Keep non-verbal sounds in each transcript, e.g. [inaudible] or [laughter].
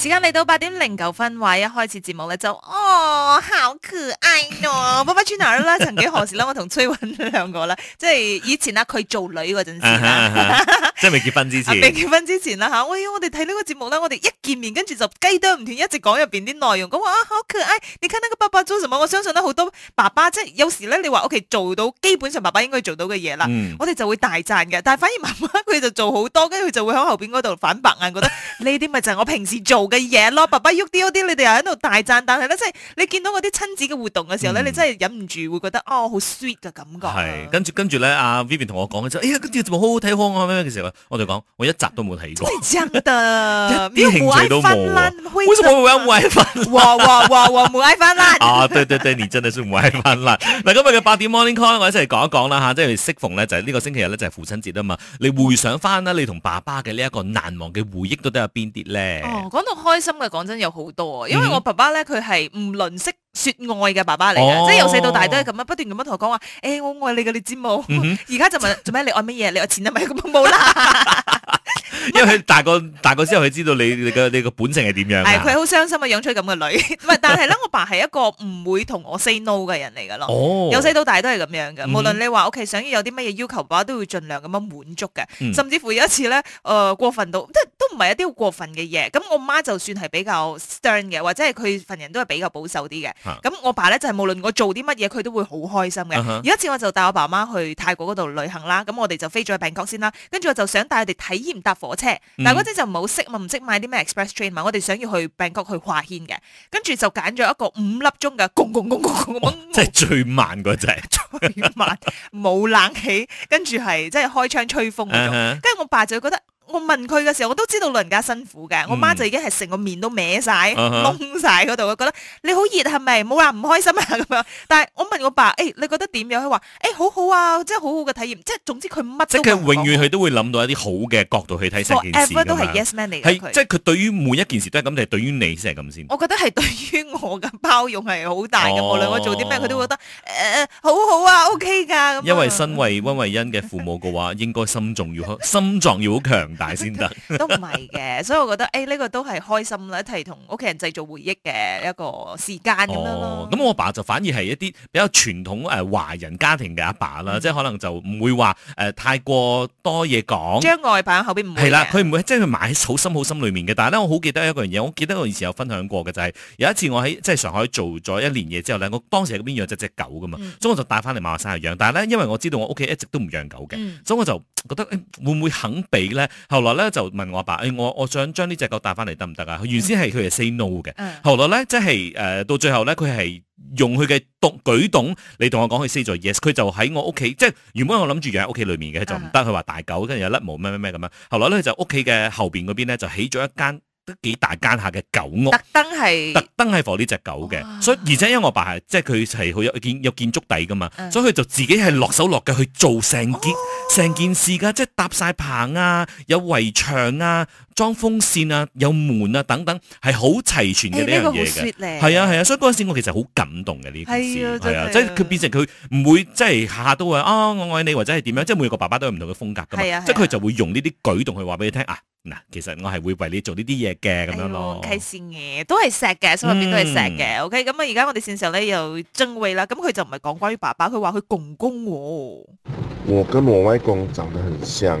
時間嚟到八點零九分，話一開始節目咧就哦，好酷。我爸爸穿啊啦，曾幾何時啦， [laughs] 我同崔韻兩個啦，即係以前啦，佢做女嗰陣時，即係未結婚之前，未結婚之前啦吓、哎，我我哋睇呢個節目啦，我哋一見面跟住就雞啄唔斷，一直講入邊啲內容，咁啊，好可愛，你睇下個爸爸做什麼，我相信咧好多爸爸，即係有時咧你話屋企做到基本上爸爸應該做到嘅嘢啦，嗯、我哋就會大讚嘅，但係反而媽媽佢就做好多，跟住佢就會響後邊嗰度反白眼，覺得呢啲咪就係我平時做嘅嘢咯，爸爸喐啲喐啲你哋又喺度大讚，但係咧即係你見到嗰啲親子嘅活動。嘅時候咧，嗯、你真係忍唔住會覺得哦，好 sweet 嘅感覺、啊。係跟住跟住咧，阿、啊、Vivian 同我講嘅時候，哎呀，跟住就好好睇《Homecoming》嘅時候，我就講，我一集都冇睇過。真係真嘅，啲興趣 [laughs] 都冇。為什麼我要冇 WiFi？我我我我冇 WiFi 啦！啊，對，對對對，你真的是冇 WiFi 啦！嗱， [laughs] [laughs] 今日嘅八點 Morning Call，我哋一齊講一講啦吓、啊，即係適逢咧，就係呢個星期日咧，就係父親節啊嘛。你回想翻啦，你同爸爸嘅呢一個難忘嘅回憶，到底有邊啲咧？哦，講到開心嘅，講真有好多啊，因為我爸爸咧，佢係唔吝嗇說愛嘅爸爸嚟嘅，哦、即係由細到大都係咁樣，不斷咁樣同我講話。誒、欸，我愛你嘅，你知冇？而家、嗯、哼就問做咩？你愛乜嘢？你愛錢啊？咪咁啊冇啦。因為佢大個 [laughs] 大個之後，佢知道你你嘅你嘅本性係點樣。係佢好傷心啊，養出咁嘅女。唔係，但係咧，我爸係一個唔會同我 say no 嘅人嚟噶咯。由細、哦、到大都係咁樣嘅，嗯、哼無論你話屋企想要有啲乜嘢要求，爸爸都會盡量咁樣滿足嘅。甚至乎有一次咧，誒、呃，過分到。都唔係一啲好過分嘅嘢，咁我媽就算係比較 stern 嘅，或者係佢份人都係比較保守啲嘅。咁、啊、我爸咧就係、是、無論我做啲乜嘢，佢都會好開心嘅。啊、哈有一次我就帶我爸媽去泰國嗰度旅行啦，咁我哋就飛咗去 Bangkok 先啦，跟住我就想帶佢哋體驗搭火車，嗯、但嗰陣就唔好識啊，唔識買啲咩 express train 嘛，我哋想要去 Bangkok 去華欣嘅，跟住就揀咗一個五粒鐘嘅公公公公即係最慢嗰隻， [laughs] 最慢冇冷氣，跟住係即係開窗吹風嗰種，跟住、啊、哈我爸就覺得。我問佢嘅時候，我都知道老人家辛苦嘅。嗯、我媽就已經係成個面都歪晒，窿晒嗰度，huh. 我覺得你好熱係咪？冇話唔開心啊咁樣。但係我問我爸，誒、欸、你覺得點樣？佢話誒好好啊，即係好好嘅體驗。即係總之佢乜即係永遠佢都會諗到一啲好嘅角度去睇成件事，Yes Man？係即係佢對於每一件事都係咁，定係對於你先係咁先？我覺得係對於我嘅包容係好大嘅，無論、哦、我做啲咩，佢都會覺得誒、呃、好好啊，OK 噶。因為身為溫慧欣嘅父母嘅話， [laughs] 應該心臟要好，心臟要好強。 [laughs] 大先得， [laughs] 都唔係嘅， [laughs] 所以我覺得誒呢、哎這個都係開心啦，一齊同屋企人製造回憶嘅一個時間咁樣咯。咁、哦、我爸就反而係一啲比較傳統誒華人家庭嘅阿爸，爸啦，嗯、即係可能就唔會話誒、呃、太過多嘢講。將外殼後邊唔係啦，佢唔的會即係喺好心、好心裡面嘅。但係咧，我好記得一樣嘢，我記得我以前有分享過嘅就係、是、有一次我喺即係上海做咗一年嘢之後咧，我當時喺嗰邊養咗隻狗噶嘛，嗯、所以我就帶翻嚟馬鞍山去養。但係咧，因為我知道我屋企一直都唔養狗嘅，嗯、所以我就覺得、欸、會唔會肯俾咧？後來咧就問我阿爸，誒、哎、我我想將呢隻狗帶翻嚟得唔得啊？原先係佢係 say no 嘅，嗯、後來咧即係誒、呃、到最後咧，佢係用佢嘅動舉動，你同我講佢 say 咗 yes，佢就喺我屋企，即係原本我諗住養喺屋企裏面嘅就唔得，佢話、嗯、大狗跟住有甩毛咩咩咩咁樣。後來咧就屋企嘅後面邊嗰邊咧就起咗一間。都幾大間下嘅狗屋，特登係特登係放呢隻狗嘅，oh, uh, 所以而且因為我爸係即係佢係好有建有建築底噶嘛，uh, 所以佢就自己係落手落腳去做成件成、uh, 件事噶，即係搭晒棚啊，有圍牆啊。裝風扇啊，有門啊，等等，係好齊全嘅呢樣嘢嘅。係、欸這個、啊係啊，所以嗰陣時我其實好感動嘅呢件事。係啊，啊，啊，即係佢變成佢唔會即係下下都話啊我愛你或者係點樣，即係每個爸爸都有唔同嘅風格噶嘛。啊啊、即係佢就會用呢啲舉動去話俾你聽啊嗱，其實我係會為你做呢啲嘢嘅咁樣咯。哎、開心嘅都係錫嘅，心入邊都係錫嘅。嗯、OK，咁啊而家我哋線上咧又增位啦。咁佢就唔係講關於爸爸，佢話佢公公我。我跟我外公長，長得很像。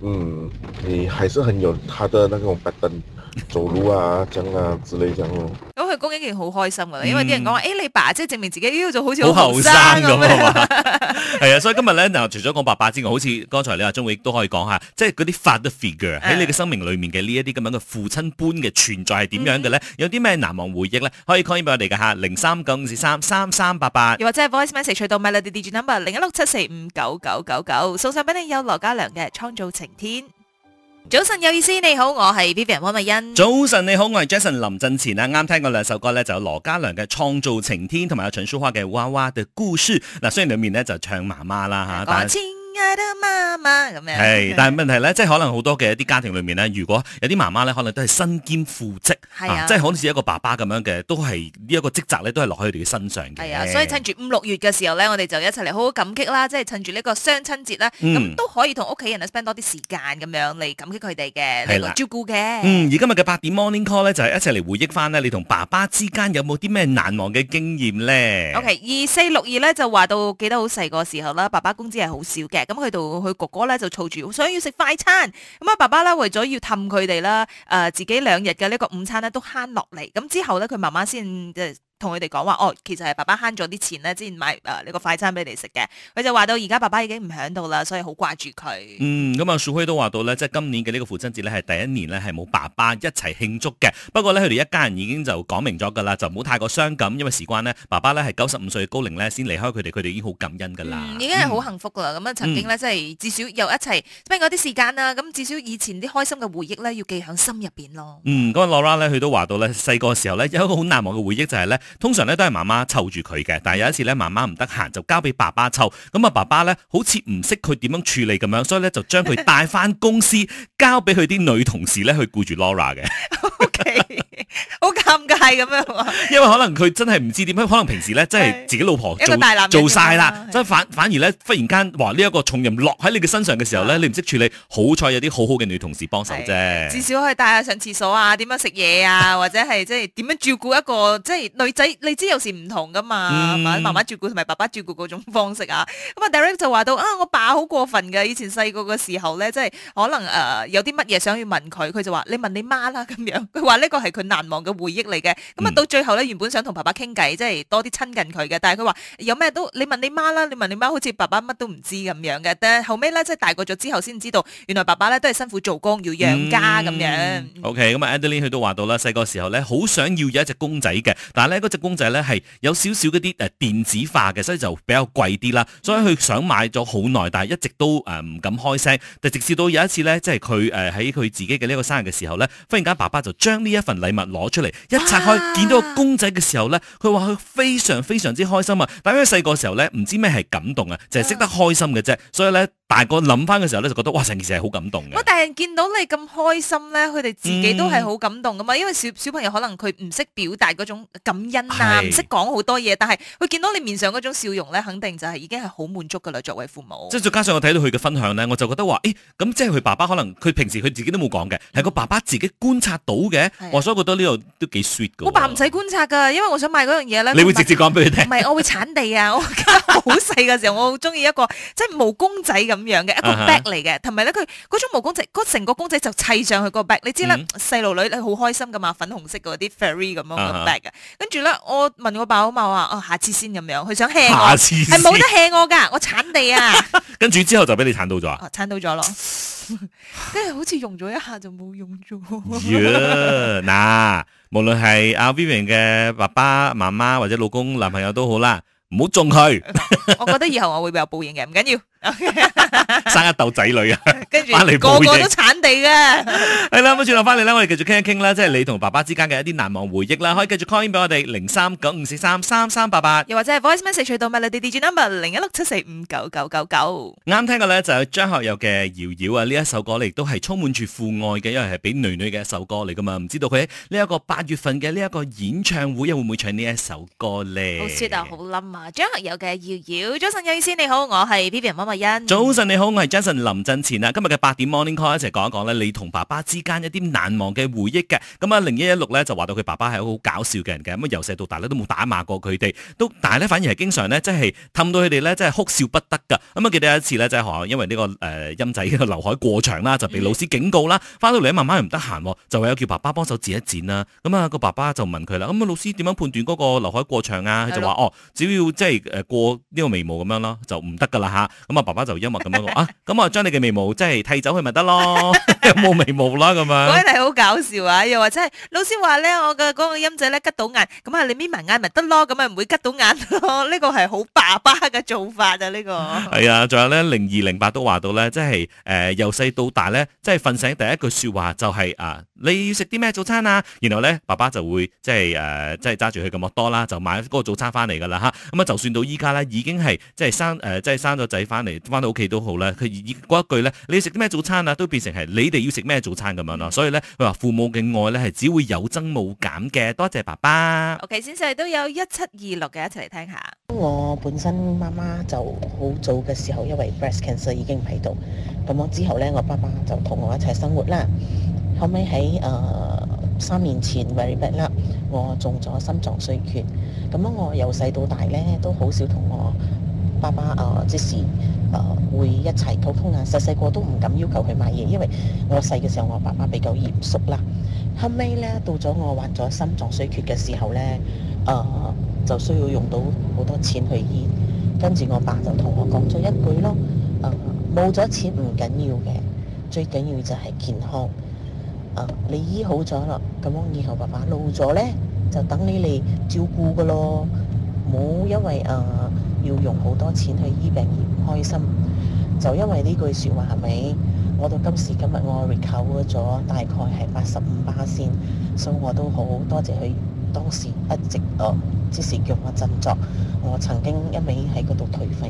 嗯，你還是很有他的那種 pattern 走路啊，講啊之類講哦。佢攻擊完好開心噶，因為啲人講話，誒，你爸即係證明自己，呢個就好似好後生咁啊！係啊，所以今日咧，嗱，除咗講爸爸之外，好似剛才呢阿鍾偉亦都可以講下，即係嗰啲 father figure 喺你嘅生命裏面嘅呢一啲咁樣嘅父親般嘅存在係點樣嘅咧？有啲咩難忘回憶咧？可以 call 俾我哋噶吓，零三九五四三三三八八，又或者係 voice message 渠道 Melody dg number 零一六七四五九九九九，送上俾你有羅家良嘅創造晴天。早晨有意思，你好，我係 Vivian 溫慧欣。早晨你好，我係 Jason 林振前啦。啱聽過兩首歌咧，就有羅嘉良嘅《創造晴天》同埋有陳舒花嘅《娃娃的故事》啊。嗱，雖然裏面咧就唱媽媽啦吓、啊，但係。愛的媽媽咁樣係，但係問題咧，即係可能好多嘅一啲家庭裏面咧，如果有啲媽媽咧，可能都係身兼父職，係啊，啊，即係好似一個爸爸咁樣嘅，都係呢一個職責咧，都係落喺佢哋嘅身上嘅。係啊，所以趁住五六月嘅時候咧，我哋就一齊嚟好好感激啦，即係趁住呢個雙親節咧，咁都、嗯、可以同屋企人啊，spend 多啲時間咁樣嚟感激佢哋嘅，嚟照、啊、顧嘅、嗯。而今日嘅八點 Morning Call 咧，就係、是、一齊嚟回憶翻咧，你同爸爸之間有冇啲咩難忘嘅經驗咧？OK，二四六二咧就話到記得好細個時候啦，爸爸工資係好少嘅。咁佢度佢哥哥咧就嘈住，好想要食快餐。咁啊，爸爸咧為咗要氹佢哋啦，誒、呃、自己兩日嘅呢個午餐咧都慳落嚟。咁之後咧，佢媽媽先即同佢哋講話，哦，其實係爸爸慳咗啲錢咧，之前買誒呢個快餐俾你食嘅。佢就話到而家爸爸已經唔喺度啦，所以好掛住佢。嗯，咁啊，小輝都話到咧，即係今年嘅呢個父親節咧，係第一年咧係冇爸爸一齊慶祝嘅。不過咧，佢哋一家人已經就講明咗噶啦，就唔好太過傷感，因為事關呢，爸爸咧係九十五歲嘅高齡咧先離開佢哋，佢哋已經好感恩噶啦。嗯嗯、已經係好幸福噶啦。咁啊、嗯，曾經咧即係至少又一齊 spend 嗰啲時間啦。咁至少以前啲開心嘅回憶咧要記喺心入邊咯。嗯，嗰個 Laura 咧，佢都話到咧細個時候咧、嗯嗯嗯、有一個好難忘嘅回憶就係、是、咧。通常咧都係媽媽湊住佢嘅，但係有一次咧媽媽唔得閒，就交俾爸爸湊。咁啊爸爸咧好似唔識佢點樣處理咁樣，所以咧就將佢帶翻公司，交俾佢啲女同事咧去顧住 Laura 嘅。 [laughs] [laughs] 好尷尬咁樣， [laughs] 因為可能佢真係唔知點樣，可能平時咧真係自己老婆 [laughs] 一個大男人做晒啦，真 [laughs] 反反而咧忽然間話呢一個重任落喺你嘅身上嘅時候咧，是的 你唔識處理，好彩有啲好好嘅女同事幫手啫，至少可以帶下上廁所啊，點樣食嘢啊，或者係即係點樣照顧一個 [laughs] 即係女仔，你知有時唔同噶嘛，媽媽、嗯、照顧同埋爸爸照顧嗰種方式啊，咁啊 Derek 就話到啊，我爸好過分嘅，以前細個嘅時候咧，即係可能誒、呃、有啲乜嘢想要問佢，佢就話你問你媽啦咁樣，佢話。呢個係佢難忘嘅回憶嚟嘅，咁啊到最後咧，原本想同爸爸傾偈，即係多啲親近佢嘅，但係佢話有咩都你問你媽啦，你問你媽，好似爸爸乜都唔知咁樣嘅。但係後尾咧，即係大個咗之後先知道，原來爸爸咧都係辛苦做工要養家咁、嗯、樣。OK，咁、嗯、啊、嗯、Adeline 佢都話到啦，細個時候咧好想要有一隻公仔嘅，但係咧嗰隻公仔咧係有少少嗰啲誒電子化嘅，所以就比較貴啲啦。所以佢想買咗好耐，但係一直都誒唔敢開聲。但直至到有一次咧，即係佢誒喺佢自己嘅呢一個生日嘅時候咧，忽然間爸爸就將呢一份禮物攞出嚟，一拆開見到個公仔嘅時候咧，佢話佢非常非常之開心啊！但因為細個時候咧，唔知咩係感動啊，就係識得開心嘅啫，所以咧。大個諗翻嘅時候咧，就覺得哇，成件事係好感動嘅。我大人見到你咁開心咧，佢哋自己都係好感動噶嘛。因為小小朋友可能佢唔識表達嗰種感恩啊，唔識講好多嘢，但係佢見到你面上嗰種笑容咧，肯定就係已經係好滿足噶啦。作為父母，即係再加上我睇到佢嘅分享咧，我就覺得話，誒、欸、咁即係佢爸爸可能佢平時佢自己都冇講嘅，係個、嗯、爸爸自己觀察到嘅。的我所以覺得呢度都幾 sweet 嘅。我爸唔使觀察噶，因為我想買嗰樣嘢咧。你會直接講俾佢聽？唔係，我會剷地啊！我好細嘅時候， [laughs] 我好中意一個即係毛公仔咁。咁樣嘅一個 bag 嚟嘅，同埋咧佢嗰種毛公仔，嗰成個公仔就砌上去個 bag，你知啦。細路女咧好開心噶嘛，粉紅色嗰啲 fairy 咁樣個 bag 嘅。跟住咧，我問我爸啊嘛，話哦下次先咁樣，佢想 hea 我，下次先，係冇得 hea 我噶，我鏟地啊。跟住之後就俾你鏟到咗啊，鏟到咗咯，跟住好似用咗一下就冇用咗。嗱，無論係阿 Vivian 嘅爸爸媽媽或者老公男朋友都好啦，唔好縱佢。我覺得以後我會有報應嘅，唔緊要。生一竇仔女啊！跟住翻嚟個個都鏟地嘅。係啦，咁轉頭翻嚟咧，我哋繼續傾一傾啦，即係你同爸爸之間嘅一啲難忘回憶啦。可以繼續 call in 俾我哋零三九五四三三三八八，又或者係 voice message 渠道 MelodyD D G number 零一六七四五九九九九。啱聽嘅咧就張學友嘅《遙遙》啊，呢一首歌咧亦都係充滿住父愛嘅，因為係俾女女嘅一首歌嚟噶嘛。唔知道佢呢一個八月份嘅呢一個演唱會會唔會唱呢一首歌咧？好 sweet 啊，好冧啊！張學友嘅《遙遙》，早晨有線你好，我係 B B M。早晨你好，我係 Jason 林振前啦。今日嘅八點 Morning Call 一齊講一講咧，你同爸爸之間一啲難忘嘅回憶嘅。咁啊，零一一六咧就話到佢爸爸係好搞笑嘅人嘅。咁由細到大咧都冇打罵過佢哋，都但係咧反而係經常咧即係氹到佢哋咧，即係哭笑不得噶。咁啊記得有一次咧，即係學校，因為呢個誒陰仔嘅劉海過長啦，就被老師警告啦。翻到嚟媽媽又唔得閒，就唯有叫爸爸幫手剪一剪啦。咁啊個爸爸就問佢啦，咁啊老師點樣判斷嗰個劉海過長啊？佢就話的哦，只要即係誒過呢個眉毛咁樣咯，就唔得噶啦吓。啊爸爸就幽默咁樣講啊，咁啊將你嘅眉毛即係剃走佢咪得咯，冇眉毛啦咁啊！嗰啲係好搞笑啊！又或者係老師話咧，我嘅嗰個音仔咧吉到眼，咁啊你搣埋眼咪得咯，咁咪唔會吉到眼咯。呢個係好爸爸嘅做法啊！呢個係啊，仲有咧零二零八都話到咧，即係誒由細到大咧，即係瞓醒第一句說話就係啊，你要食啲咩早餐啊？然後咧爸爸就會即係誒即係揸住佢咁多啦，就買嗰個早餐翻嚟噶啦吓。咁啊就算到依家咧，已經係即係生誒即係生咗仔翻嚟。嚟翻到屋企都好啦。佢以嗰一句咧，你食啲咩早餐啊？都變成係你哋要食咩早餐咁樣咯。所以咧，佢話父母嘅愛咧係只會有增冇減嘅。多謝爸爸。OK，先生都有一七二六嘅一齊嚟聽下。我本身媽媽就好早嘅時候因為 breast cancer 已經唔喺度，咁我之後咧，我爸爸就同我一齊生活啦。後尾喺誒三年前 very bad 啦，我中咗心臟衰竭。咁我由細到大咧都好少同我爸爸誒即時。Uh, Jesse, 誒會一齊溝通啊，細細個都唔敢要求佢買嘢，因為我細嘅時候我爸爸比較嚴肅啦。後尾咧到咗我患咗心臟衰竭嘅時候咧，誒就需要用到好多錢去醫。跟住我爸就同我講咗一句咯，誒冇咗錢唔緊要嘅，最緊要就係健康。誒你醫好咗啦，咁我以後爸爸老咗咧，就等你嚟照顧噶咯。冇因為誒。要用好多錢去醫病而唔開心，就因為呢句説話係咪？我到今時今日我 recover 咗，大概係八十五巴仙，所以我都好多謝佢當時一直誒，即是叫我振作。我曾經一味喺嗰度頹廢。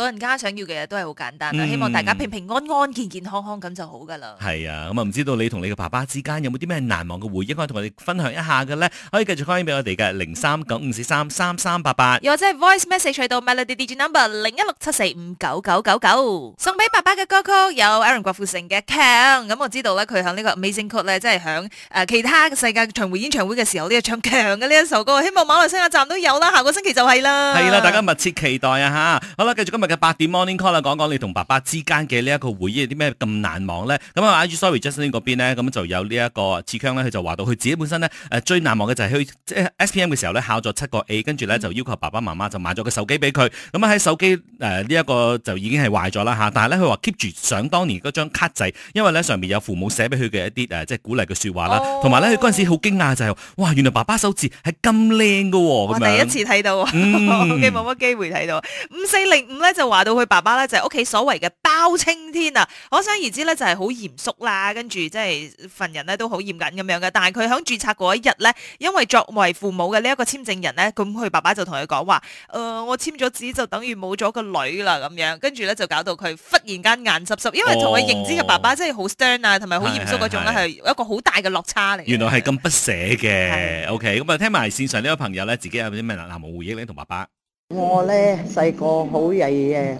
老人家想要嘅嘢都係好簡單啊！希望大家平平安安、健健康康咁就好噶啦。係啊，咁啊唔知道你同你嘅爸爸之間有冇啲咩難忘嘅回憶可以同我哋分享一下嘅咧？可以繼續 call 俾我哋嘅零三九五四三三三八八， [laughs] 又或者係 voice message 到 Melody Digi number 零一六七四五九九九九。送俾爸爸嘅歌曲有 Aaron 郭富城嘅強，咁、嗯嗯、我知道咧佢響呢個美聲曲咧，即係響誒其他世界巡迴演唱會嘅時候呢，這個、唱強嘅呢一首歌。希望馬來西亞站都有啦，下個星期就係啦。係啦、啊，大家密切期待啊嚇！好啦，繼續今日。八點 Morning Call 啦，講講你同爸爸之間嘅呢一個回憶，啲咩咁難忘咧？咁啊，Ig sorry Justin 嗰邊咧，咁就有刺呢一個智強咧，佢就話到佢自己本身咧，誒、呃、最難忘嘅就係佢即係 SPM 嘅時候咧，考咗七個 A，跟住咧就要求爸爸媽媽就買咗個手機俾佢。咁啊喺手機誒呢一個就已經係壞咗啦嚇，但係咧佢話 keep 住想當年嗰張卡仔，因為咧上面有父母寫俾佢嘅一啲誒、呃、即係鼓勵嘅説話啦，同埋咧佢嗰陣時好驚訝就係、是、哇原來爸爸手字係咁靚嘅喎，我第一次睇到，嗯、 [laughs] 我冇乜機會睇到五四零五咧。5就話到佢爸爸咧就係屋企所謂嘅包青天啊，可想而知咧就係好嚴肅啦，跟住即係份人咧都好嚴謹咁樣嘅。但係佢響注冊嗰一日咧，因為作為父母嘅呢一個簽證人咧，咁佢爸爸就同佢講話：，誒、呃，我簽咗紙就等於冇咗個女啦咁樣。跟住咧就搞到佢忽然間眼濕濕，因為同佢認知嘅爸爸真係好 stern 啊，同埋好嚴肅嗰種咧，係一個好大嘅落差嚟。原來係咁不捨嘅。O K，咁啊聽埋線上呢位朋友咧，自己有啲咩難忘回憶咧同爸爸？我呢細個好曳嘅，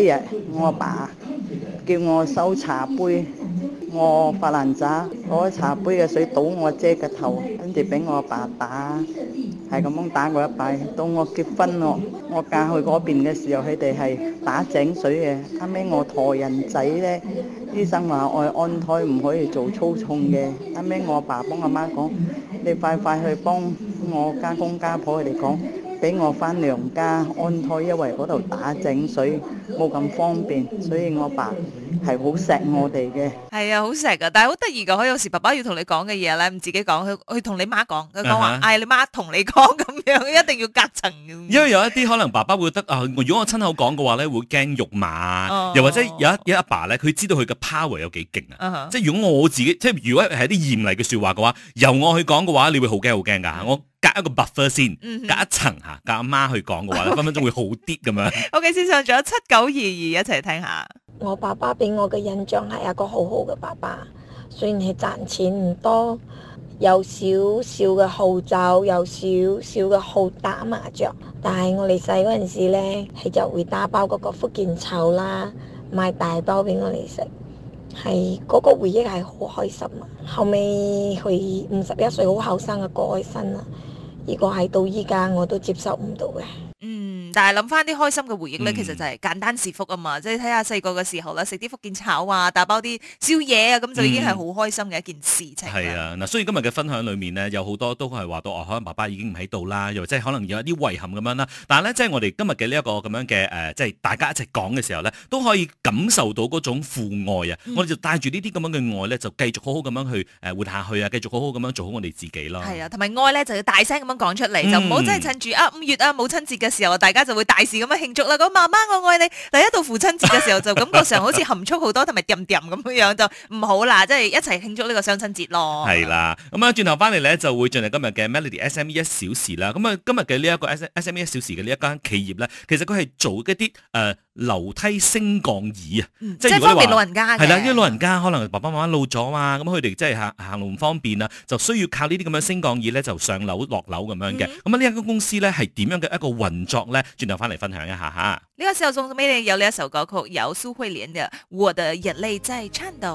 一日我阿爸叫我收茶杯，我發爛渣，攞茶杯嘅水倒我姐嘅頭，跟住俾我阿爸打，係咁樣打我一擺。到我結婚咯，我嫁去嗰邊嘅時候，佢哋係打井水嘅。後尾我陀人仔呢，醫生話我安胎唔可以做粗重嘅。後尾我阿爸幫阿媽講，你快快去幫我家公家婆佢哋講。俾我翻娘家安胎，因為嗰度打井水冇咁方便，所以我爸，係好錫我哋嘅，係啊，好錫噶，但係好得意噶。佢有時爸爸要同你講嘅嘢咧，唔自己講，佢去同你媽講，佢講話嗌你媽同你講咁樣，一定要隔層。因為有一啲可能爸爸會得啊，如果我親口講嘅話咧，會驚肉麻；uh huh. 又或者有一一阿爸咧，佢知道佢嘅 power 有幾勁啊。Uh huh. 即係如果我自己，即係如果係啲嚴厲嘅說話嘅話，由我去講嘅話，你會好驚好驚噶。我隔一個 buffer 先, uh huh.，隔一層吓，隔阿媽去講嘅話，分分鐘會好啲咁樣。Okay. [laughs] [laughs] OK，先上咗七九二二,二一齊聽一下。我爸爸畀我嘅印象係一個好好嘅爸爸，雖然係賺錢唔多，有少少嘅好酒，有少少嘅好打麻雀，但係我哋細嗰陣時呢，佢就會打包嗰個福建炒啦，買大包畀我哋食，係嗰、嗰個回憶係好開心啊！後尾佢五十一歲好後生嘅，過咗身啦，呢個係到依家我都接受唔到嘅。但係諗翻啲開心嘅回憶咧，其實就係簡單是福啊嘛！即係睇下細個嘅時候啦，食啲福建炒啊，打包啲宵夜啊，咁就已經係好開心嘅一件事情。係啊，嗱，所以今日嘅分享裡面咧，有好多都係話到可能爸爸已經唔喺度啦，又即係可能有一啲遺憾咁樣啦。但係咧，即係我哋今日嘅呢一個咁樣嘅誒，即係大家一齊講嘅時候咧，都可以感受到嗰種父愛啊！我哋就帶住呢啲咁樣嘅愛咧，就繼續好好咁樣去誒活下去啊！繼續好好咁樣做好我哋自己咯。係啊，同埋愛咧就要大聲咁樣講出嚟，就唔好真係趁住啊五月啊母親節嘅時候大家。就會大事咁樣慶祝啦！咁媽媽我愛你，第一到父親節嘅時候就感覺上好似含蓄好多，同埋掂掂咁樣就唔好啦！即係一齊慶祝呢個雙親節咯。係啦，咁啊轉頭返嚟咧，就會進入今日嘅 Melody SME 一小時啦。咁、嗯、啊，今日嘅呢一個 S SME 一小時嘅呢一間企業咧，其實佢係做一啲誒、呃、樓梯升降椅啊，嗯、即係是 方便老人家。係啦，啲老人家可能爸爸媽媽老咗嘛，咁佢哋即係行行路唔方便啊，就需要靠呢啲咁樣升降椅咧，就上樓落樓咁樣嘅。咁啊、嗯，呢一間公司咧係點樣嘅一個運作咧？轉頭翻嚟分享一下嚇，呢個時候送俾你有一首歌曲，有蘇慧蓮嘅《我的眼淚在顫抖》。